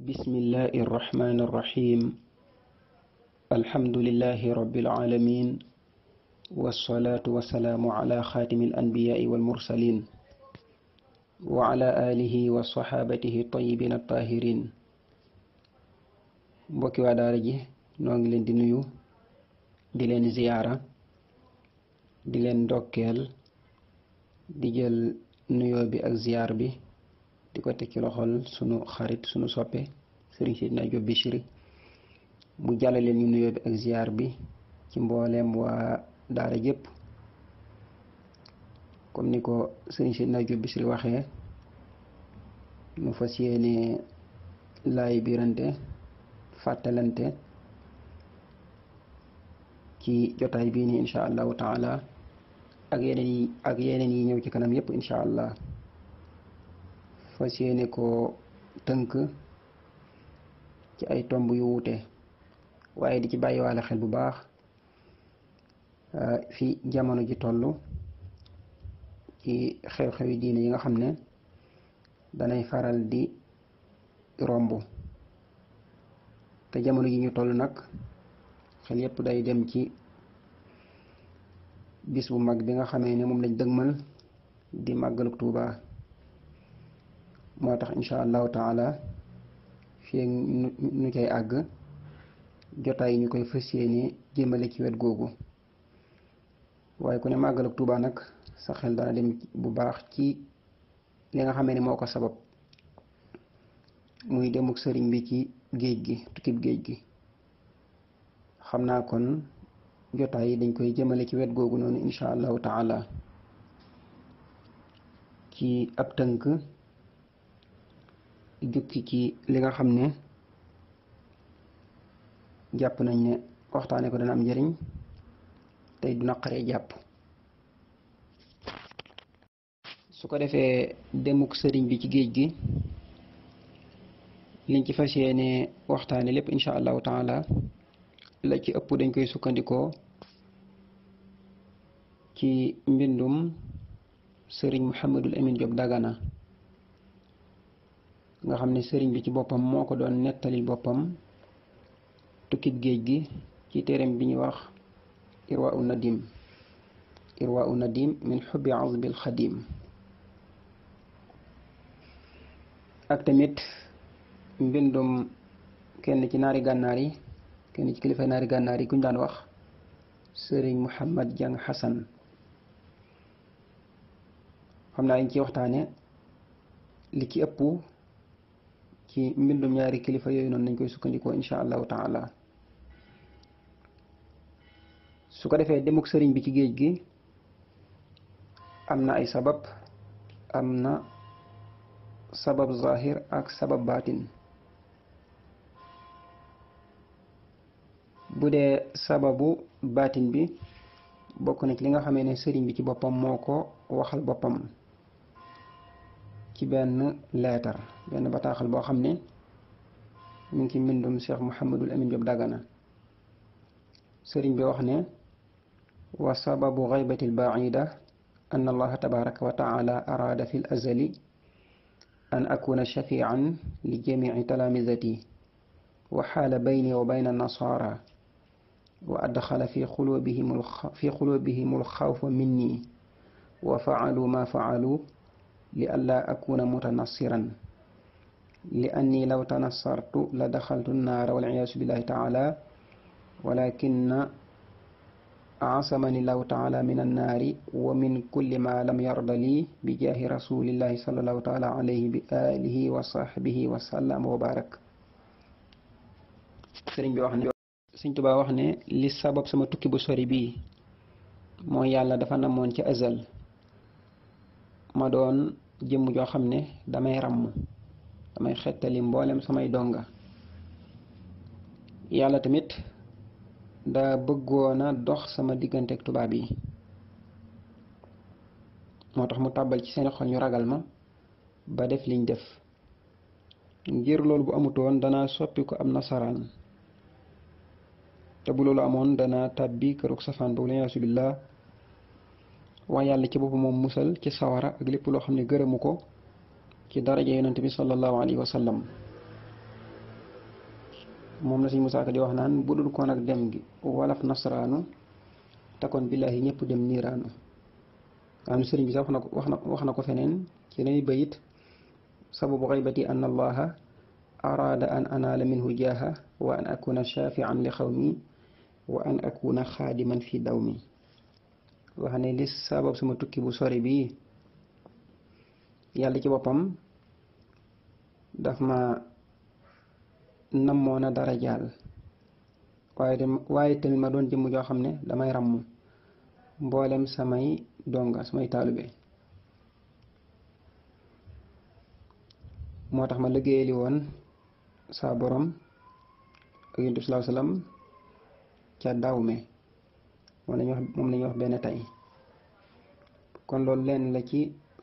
بسم الله الرحمن الرحيم الحمد لله رب العالمين والصلاة والسلام على خاتم الأنبياء والمرسلين وعلى آله وصحابته الطيبين الطاهرين mbokki waa daara ji noo ngi leen di nuyu di leen ziyaara di leen ndokkeel di jël nuyoo bi ak ziyaar bi di ko ci loxol sunu xarit sunu soppe sëriñ Seydina Diop Bichri mu jàllale ñu nuyoo bi ak ziar bi ci mbooleem waa daara jëpp comme ni ko sëriñ Seydina Diop Bichri waxee ñu fas yéene laay biirante fàttalante ci jotaay bii nii incha allahu taala ak yeneen yi ak yeneen yi ñëw ci kanam yépp incha allah fas yéene koo tënk ci ay tomb yu wuute waaye di ci bàyyiwaale xel bu baax euh, fi jamono ji toll ci xew-xewi diine yi nga xam ne danay faral di romb te jamono ji ñu toll nag xel yépp day dem ci bis bu mag bi nga xamee ne moom lañ dëgmal di màggaluk Tuubaa moo tax incha allahu taala fii nu koy àgg jotaay ñu koy fas yéene jëmale ci wet googu waaye ku ne màggal ak Tuubaa nag sa xel dana dem bu baax ci li nga xamee ne moo ko sabab muy demuk sëriñ bi ci géej gi tukkib géej gi xam naa kon jotaay yi dañ koy jëmale ci wet googu noonu incha allahu taala ci ab tënk jukki ci li nga xam ne jàpp nañ ne waxtaane ko dana am njëriñ tey du naqaree jàpp su ko defee demuk sëriñ bi ci géej gi lañ ci fas yéene waxtaane lépp incha allahu taala la ci ëpp dañ koy sukkandikoo ci mbindum sëriñ Mouhamadul Amin Diop Dagana nga xam ne sëriñ bi ci boppam moo ko doon nettali boppam tukkib géej gi ci téereem bi ñu wax irwa u nadim irwa u nadim min xubbi azbil xadim ak tamit mbindum kenn ci naari gànnaar yi kenn ci kilifa naari gànnaar yi ku ñu daan wax sëriñ Muhammad Jang Xasan xam naa dañ ci waxtaane li ci ëpp ci mbindum ñaari kilifa yooyu noonu nañ koy sukkandikoo incha allahu taala su ko defee demuk sëriñ bi ci géej gi am na ay sabab am na sabab zahir ak sabab batin bu dee sababu batin bi bokk na ci li nga xamee ne sëriñ bi ci boppam moo ko waxal boppam ci benn leetar benn bataaxal boo xam ne mu ngi ci mbindum Cheikh Mouhamadul Amin Diop Dagana sëriñ bi wax ne wa sababu xaybati lbaida an allaha tabaraka wa taala araada fi l azali an akuna shafian li jamici talaamizati wa xaala bayni wa bayna nasara wa adxala fi xulubihim fi xulubihim alxawfa minni wa faalu ma faalu li allaa akuna mutanassiran li anni law tanassartu la daxaltu nnaara waliyaasu billahi taala walakinna aasamani llahu taala min annaari wa min kulli ma lam yarda lii bi jaahi rasulillahi salallahu taala alayhi bi alihi wa li sabab sama tukki bu sori bii mooy yàlla dafa na namoon ci azal ma doon jëmm joo xam ne damay ràmm damay xettali mboolem samay donga yàlla tamit daa bëggoona dox sama diggante ak tubaab yi moo tax mu tàbbal ci seen xol ñu ragal ma ba def liñ def ngir loolu bu amutoon danaa soppi ko am nasaraan te bu loolu amoon danaa tàbbi kërug safaan boobu la yasubillah waaye yàlla ci boppam moom musal ci sawara ak lépp loo xam ne gërëmu ko ci daraja yonent bi sallallahu alayhi wa sallam moom la suñ Musaa Ka di wax naan bu dul koon ak dem gi walaf nasraanu te kon billaahi ñëpp dem niiraanu nga xam ne sëriñ bi sax wax na ko wax na wax na ko feneen ci lañuy bayit sababu xaybati an allaha araada an anaala minhu jaaha wa an akuna shafian li xawmi wa an akuna xaadiman fi dawmi wax ne li sabab sama tukki bu sore bii yàlla ci boppam daf ma nammoon a dara jaal waaye waaye tamit ma doon jëmm joo xam ne damay ràmm mboolem samay donga samay taalube moo tax ma liggéeyali woon saa borom ak yonent bi sallallahu ca dawme mom lañ wax moom la wax benn tay kon loolu len la ci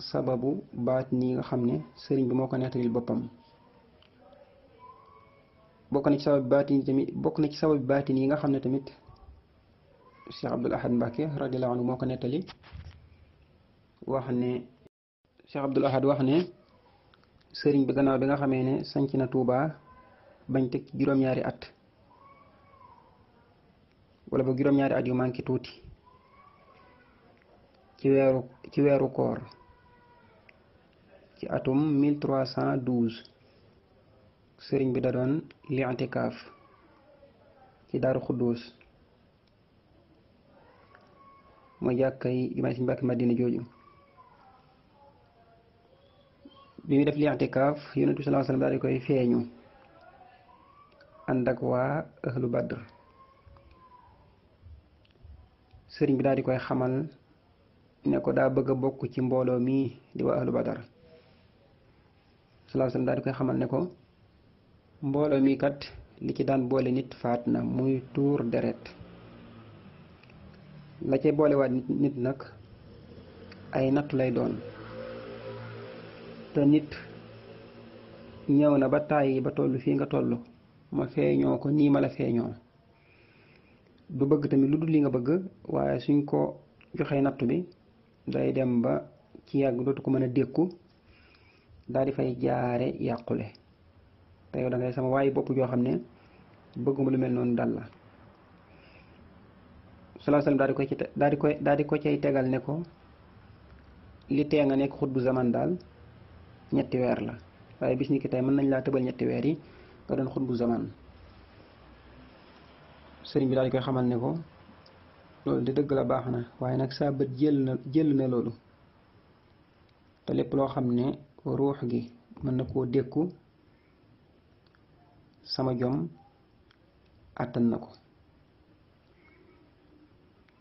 sababu baat ni nga xamne serigne bi moko netalil bopam bokk na ci sabab baatin tamit bokk na ci sabab baatin yi nga xamne tamit Cheikh Abdoul Ahad Mbacke radiyallahu anhu moko netali wax ne Cheikh Abdoul Ahad wax ne serigne bi gannaaw bi nga xamee sanki na Touba bañ tek juroom ñaari at wala ba juroom ñaari at yu manqué tuuti ci wéru ci wéru koor ci atum 1312 sëriñ bi da doon li antikaaf ci daaru xudduus mooy jàkkay jumaa si mbàkki madina jooju bi muy def li antikaaf yonentu sallallahu alayhi wa sallam daal di koy feeñu ànd waa ahlu badr sëriñ bi daal di koy xamal ne ko daa bëgg a bokk ci mbooloo mii di waa ahlu badar sallallahu alayhi daal di koy xamal ne ko mbooloo mii kat li ci daan boole nit faat na muy tuur deret la cay boolewaat nit nag ay natt lay doon te nit ñëw na ba tàyyi ba toll fii nga toll ma feeñoo ko nii ma la feeñoo du bëgg tamit lu dul li nga bëgg waaye suñ ko joxee nattu bi day dem ba ci yàgg dootu ko mën a dékku daal di fay jaare yàqule te yow da ngay sama waaye bopp joo xam ne bëgguma lu mel noonu dal la salaa salaam daal di koy daal di ko cay tegal ne ko li tee nga nekk xutbu zaman daal ñetti weer la waaye bis ni tey mën nañ laa tëbal ñetti weer yi nga doon xutbu zaman sëriñ bi dal koy xamal ne ko loolu di dëgg la baax na waaye nag saa bët jël na jël na loolu te lépp loo xam ne ruux gi mën na koo dékku sama jom àttan na ko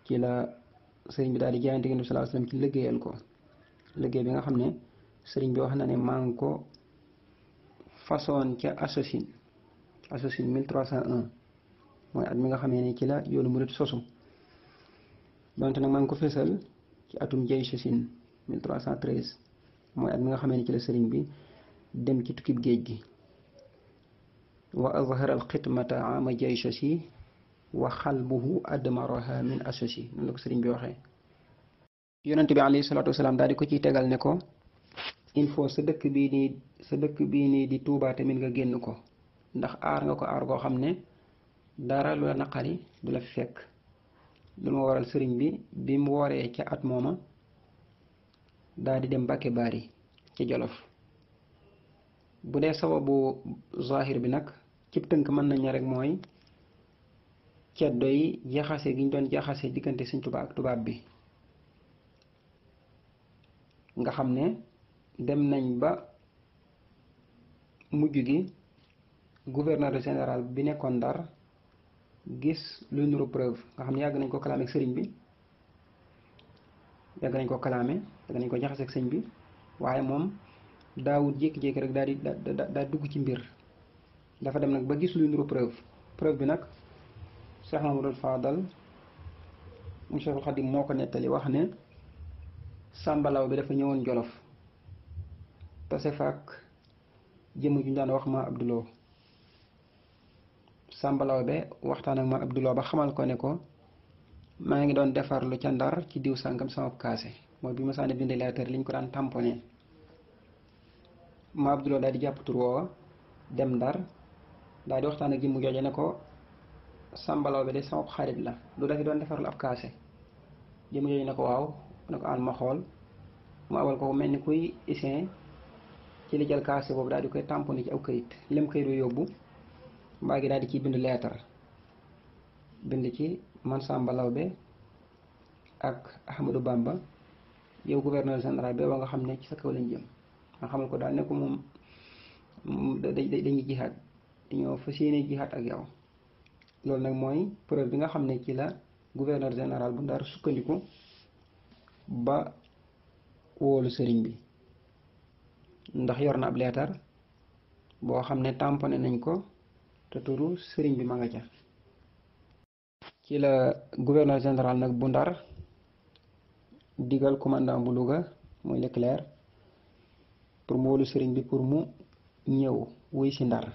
ci la sëriñ bi daal di jaayante gi sallallahu alayhi wasallam ci liggéeyal ko liggéey bi nga xam ne sëriñ bi wax na ne maa ngi ko façon ca assassin assassin 1301 mooy at mi nga xamee ne ci la yoonu murit sosu donte nag maa ngi ko fésal ci atum jay chasin 1313 mooy at mi nga xamee ne ci la sëriñ bi dem ci tukkib géej gi wa azhara al xitmata ama jay chasi wa xalbuhu admaraha min asasi noonu la ko sëriñ bi waxee yonent bi alayhi salaatu wasalaam daal di ko ciy tegal ne ko il faut sa dëkk bii nii sa dëkk bii nii di tuubaate tamit nga génn ko ndax aar nga ko aar goo xam ne dara lu la naqari du la fekk lu ma waral sëriñ bi bi mu wooree ca at mooma daa di dem Mbàkke Baari ci Jolof bu dee sababu zahir bi nag ci tënk mën nañ rek mooy ceddo doy jaxase gi ñu doon jaxase diggante siñ Tuubaa tubaab bi nga xam ne dem nañ ba mujj gi gouverneur général bi nekkoon Ndar gis lu nuru preuve nga xamni yag nañ ko kalamé ak sëriñ bi yag nañ ko kalamé yàgg nañ ko jaxase ak sëriñ bi waye mom daawut jek jek rek daal di da dugg ci mbir dafa dem nak ba gis lu nuru preuve preuve bi nak cheikh mahamadul fadal mu cheikh khadim moko netali wax ne sambalaw bi dafa ñewon jolof tase faak jëmm ju ñu wax ma abdullah Samba Lawbe waxtaan ak ma Abdou Lo ba xamal ko ne ko maa ngi doon defarlu ca ndar ci diw sàngam sama kaase mooy bi ma saane bind lettre li ñu ko daan tamponné Mame Abdou daal di jàpp woowa dem ndar daal di waxtaan ak jëmm jooje ne ko Samba Lawbe de sama xarit la lu dafi doon defar ab kaase jëmm jooje ne ko waaw ne ko aan ma xool mu ko mel ni kuy isin ci li jël kaase boobu daal di koy tamponné ci aw këyit lem këyit yu yóbbu mbaa gi daal di ciy bind leetar bind ci man Samba Lawbe ak Ahmadou Bamba yow gouverneur général bi ba nga xam ne ci sa kaw lañ jëm nga xamal ko daal ne ko moom dañuy jihaat dañoo fas yéene jihaat ak yow loolu nag mooy preuve bi nga xam ne ci la gouverneur général bu Ndar sukkandiku ba wóolu sëriñ bi ndax yor na ab leetar boo xam ne tàmpone nañ ko te turu serigne bi ma nga ca ci la gouverneur général nak bu ndar digal commandant bu Louga mooy Leclerc pour mo lu serigne bi pour mu ñew wuy ci ndar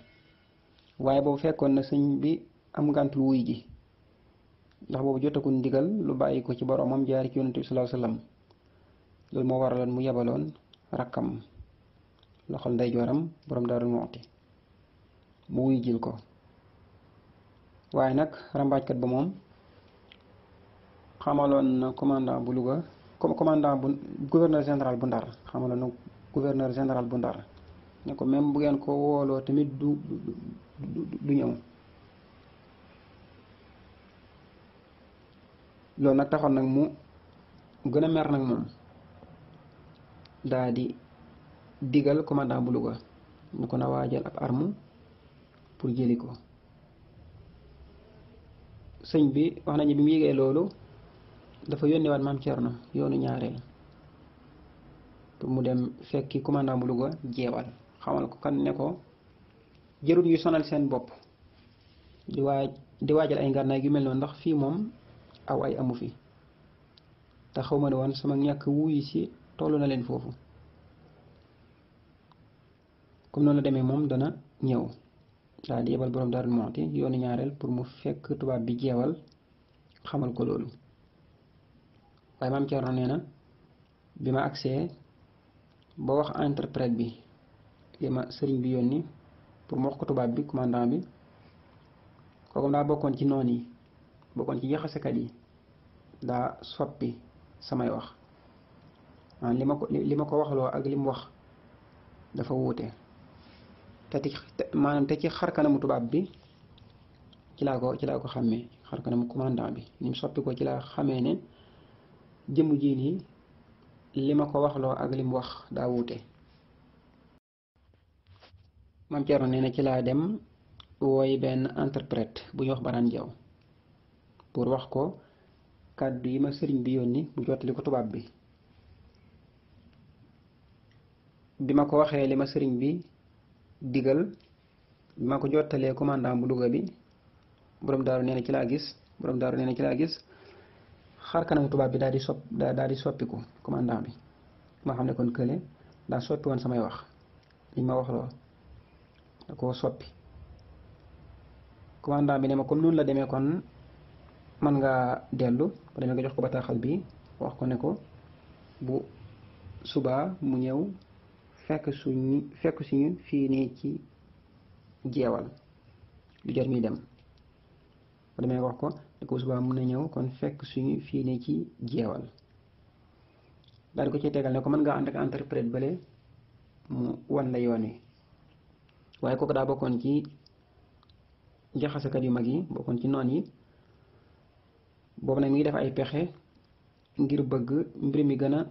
waye bo fekkon na serigne bi am gantu wuy ji ndax boobu jotagul ndigal lu bayiko ci boromam jaar ci yunus sallallahu salaahu wasallam lol mo waralon mu yabalon rakam loxol joram borom darul mu'ti bu wuy jil ko waaye nag rambaajkat ba moom xamaloon na commandant bu Louga commandant bu gouverneur général bu Ndar xamaloon na gouverneur général bu Ndar ne ko même bu ngeen ko wooloo tamit du du ñëw loolu nag taxoon nag mu gën a mer nag moom daa di digal commandant bu luga ñu ko na waajal ab arme pour jëli ko sëñ bi wax nañu bi mu yëgee loolu dafa yónneewaat maam na yoonu ñaareel mu dem fekki commandant bu Louga jeewal xamal ko kan ne ko jërul yu sonal seen bopp di di waajal ay ngànnaay yu mel noonu ndax fii moom aw ay amu fi te xaw ma ne woon sama ñàkk wuyu si tollu na leen foofu comme noonu demee moom dana ñëw daal di yebal boroom dar Muxti yoni ñaarel pour mu fekk tuba bi jewal xamal ko lolu way mam Cerno nee na Bima ma ba wax interprète bi yema ma sëriñ bi yoni pour mu wax ko bi commandant bi kooku da bokkoon ci noni yi ci ci kat yi lima soppi samay wax lima ko lima ko waxlo ak lim wax dafa te ci maanaam te ci xarkanamu tubaab bi ci laa ko ci laa ko xàmmee xar kanamu commandant bi ni mu soppi ko ci laa xamee ne jëmm jii nii li ma ko waxloo ak li wax daa wuute. maam Thierno nee na ci laa dem woy benn interprète bu ñuy wax Baraan Jaw pour wax ko kàddu yi ma sëriñ bi yónni mu jotali ko tubaab bi bi ma ko waxee li ma sëriñ bi. digal bi ma ko jottalee commandant bu Louga bi borom daaru neena ci la gis borom daaru neena ci la gis xar kanam tuba bi daal sop sopp sopiku commandant bi ma xamne kon kele da soppi won samay wax li ma wax lo da soppi commandant bi ne ma kon noonu la demee kon man ngaa delu ba demee nga jox ko bataxal bi wax ko ne ko bu suba mu ñew fekk suñu fekk suñu fii nii ci jeewal lu jar muy dem bu demee wax ko ne ko subaa mun na ñëw kon fekk suñu fii nii ci jeewal daal ko ci tegal ne ko mën nga ànd ak interprète bële mu wan la yoon wi waaye kooku daa bokkoon ci jaxasakat yu mag yi bokkoon ci noon yi boobu nag mi ngi def ay pexe ngir bëgg mbir mi gën a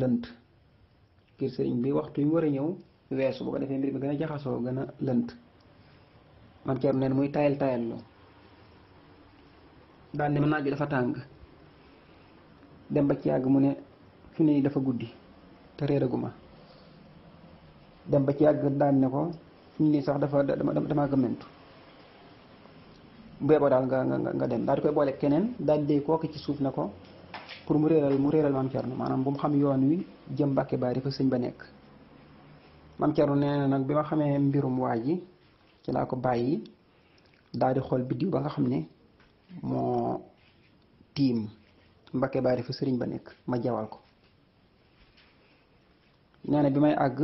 lënt ngir sëriñ bi waxtu yi war a ñëw weesu bu ko defee mbir bi gën a jaxasoo gën a lënt maam Thierno muy tayal tayal loo daal ne ma naaj bi dafa tàng dem ba ci yàgg mu ne fi nii dafa guddi te réeraguma dem ba ci yàgg daal ne ko fi nii sax dafa dama gëmmentu bu daal nga nga nga dem daal di koy boole keneen daal di ci suuf na ko pour mu réeral mu réeral mam kiarno manam bu mu xam yoon wi jëm bakke Baari fa señ ba nek mam kiarno neena nak bima bi mbirum waa ci la ko bayyi daal di xol bidiw ba nga xam ne tim mbakke Mbàkke Baari fa sëriñ ba nek ma jawal ko neena bimay ag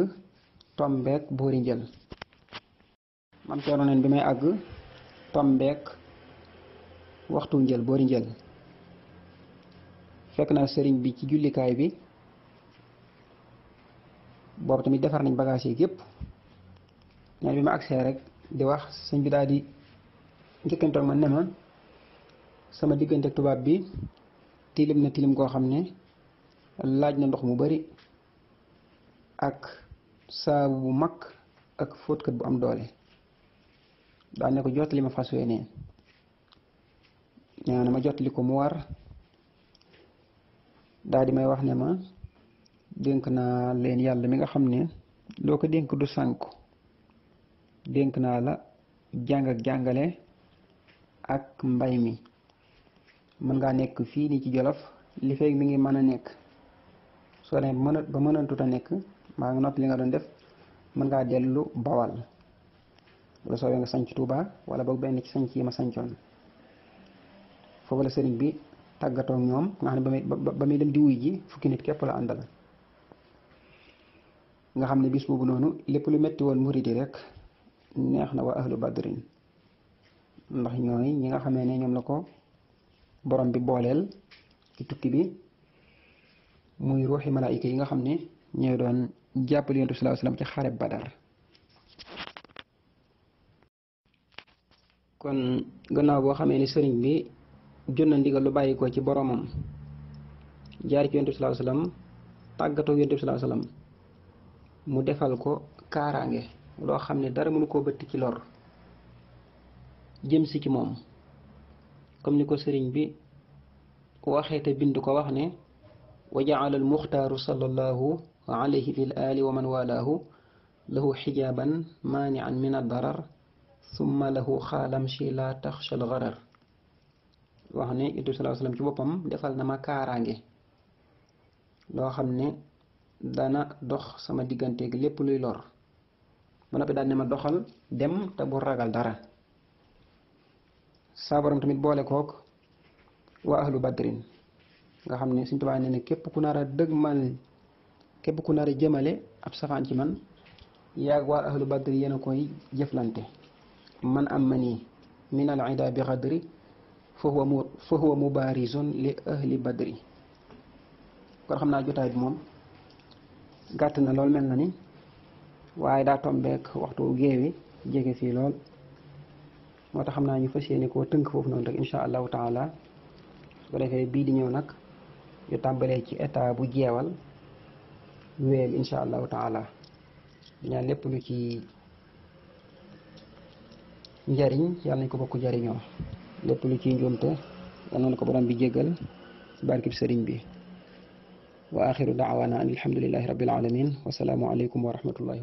tombek boori njël mam kiarno neen bimay ag tombek waxtu njël boori njël fekk naa sëriñ bi ci jullikaay bi boobu tamit defar nañ bagage yi yëpp ñaan bi ma agsee rek di wax sëñ bi daal di njëkkantoog ma ne ma sama diggante tubaab bi tilim na tilim koo xam ne laaj na ndox mu bari ak saabu bu mag ak fóotkat bu am doole daa ne ko jotali ma fas weenee ñaana ma jotali ko mu war daal di may wax ne ma dénk naa leen yàlla mi nga xam ne loo ko dénk du sànku dénk naa la jàng jàngale ak mbay mi mën ngaa nekk fii nii ci jolof li fekk mi ngi mën a nekk soo ne mën ba mënantut a nekk maa nga noppi li nga doon def mën ngaa dellu bawal wala soo nga sanc Tuuba wala boog benn ci sanc yi ma sancoon foofu la sëriñ bi tagato ñom nga xam bamay dem di wuy ji fukki nit kep la andal nga xam bis boobu nonu lepp lu metti won murid rek neex na waa ahlu badrin ndax ñoy ñi nga xamee ne ñoom la ko borom bi bolel ci tukki bi muy ruhi malaika yi nga xamne ne doon jàppale yonent bi sallallahu alayhi wasallam ci xare badar kon gannaaw bo xamé ni sëriñ bi jot na ndigal lu bàyyi ko ci boromam jaar ci yonent bi sallallahu alayhi wasallam tàggatoo yonent bi sallallahu alayhi wasallam mu defal ko kaaraange loo xam ne dara mënu koo bëtt ci lor jëm si ci moom comme ni ko sëriñ bi waxee te bind ko wax ne wa jaala al muxtaaru sallallahu alayhi bil ali wa man walaahu lahu xijaaban maanian min addarar summa lahu xaalam shi la taxsha al garar wax ne yonent sallallahu alayhi wasallam ci bopam defal na ma kaaraange loo dana dox sama ak lepp luy lor ba noppi daal ne ma doxal dem tabur bu ragal dara sabaram tamit boole kok, wa ahlu badrin nga xamne ne suñ tubaab ne kep ku nara a dëgmal képp ku nara jemalé ab safan ci man yaag wa ahlu badri yena koy man am mani min al ida bi ghadri fahuwa mu fahuwa mubarizun li ahli badri kon xam naa jotaay bi moom gàtt na lool mel na ni waaye daa tombeek waxtu géewi jege fii lool moo tax xam naa ñu fas yéene koo tënk foofu noonu rek insha allahu taala su ko defee bii di ñëw nag ñu tàmbalee ci état bu jeewal wéyal insha allahu taala ñaan lépp lu ci njariñ yàlla nañ ko bokk jariñoo lépp lu ci njuumte yal na ko borom bi jéggal ci barkib sëriñ bi wa axiru daawaana an alhamdulillahi rabbil alamin wasalaamu aleykum wa rahmatullahi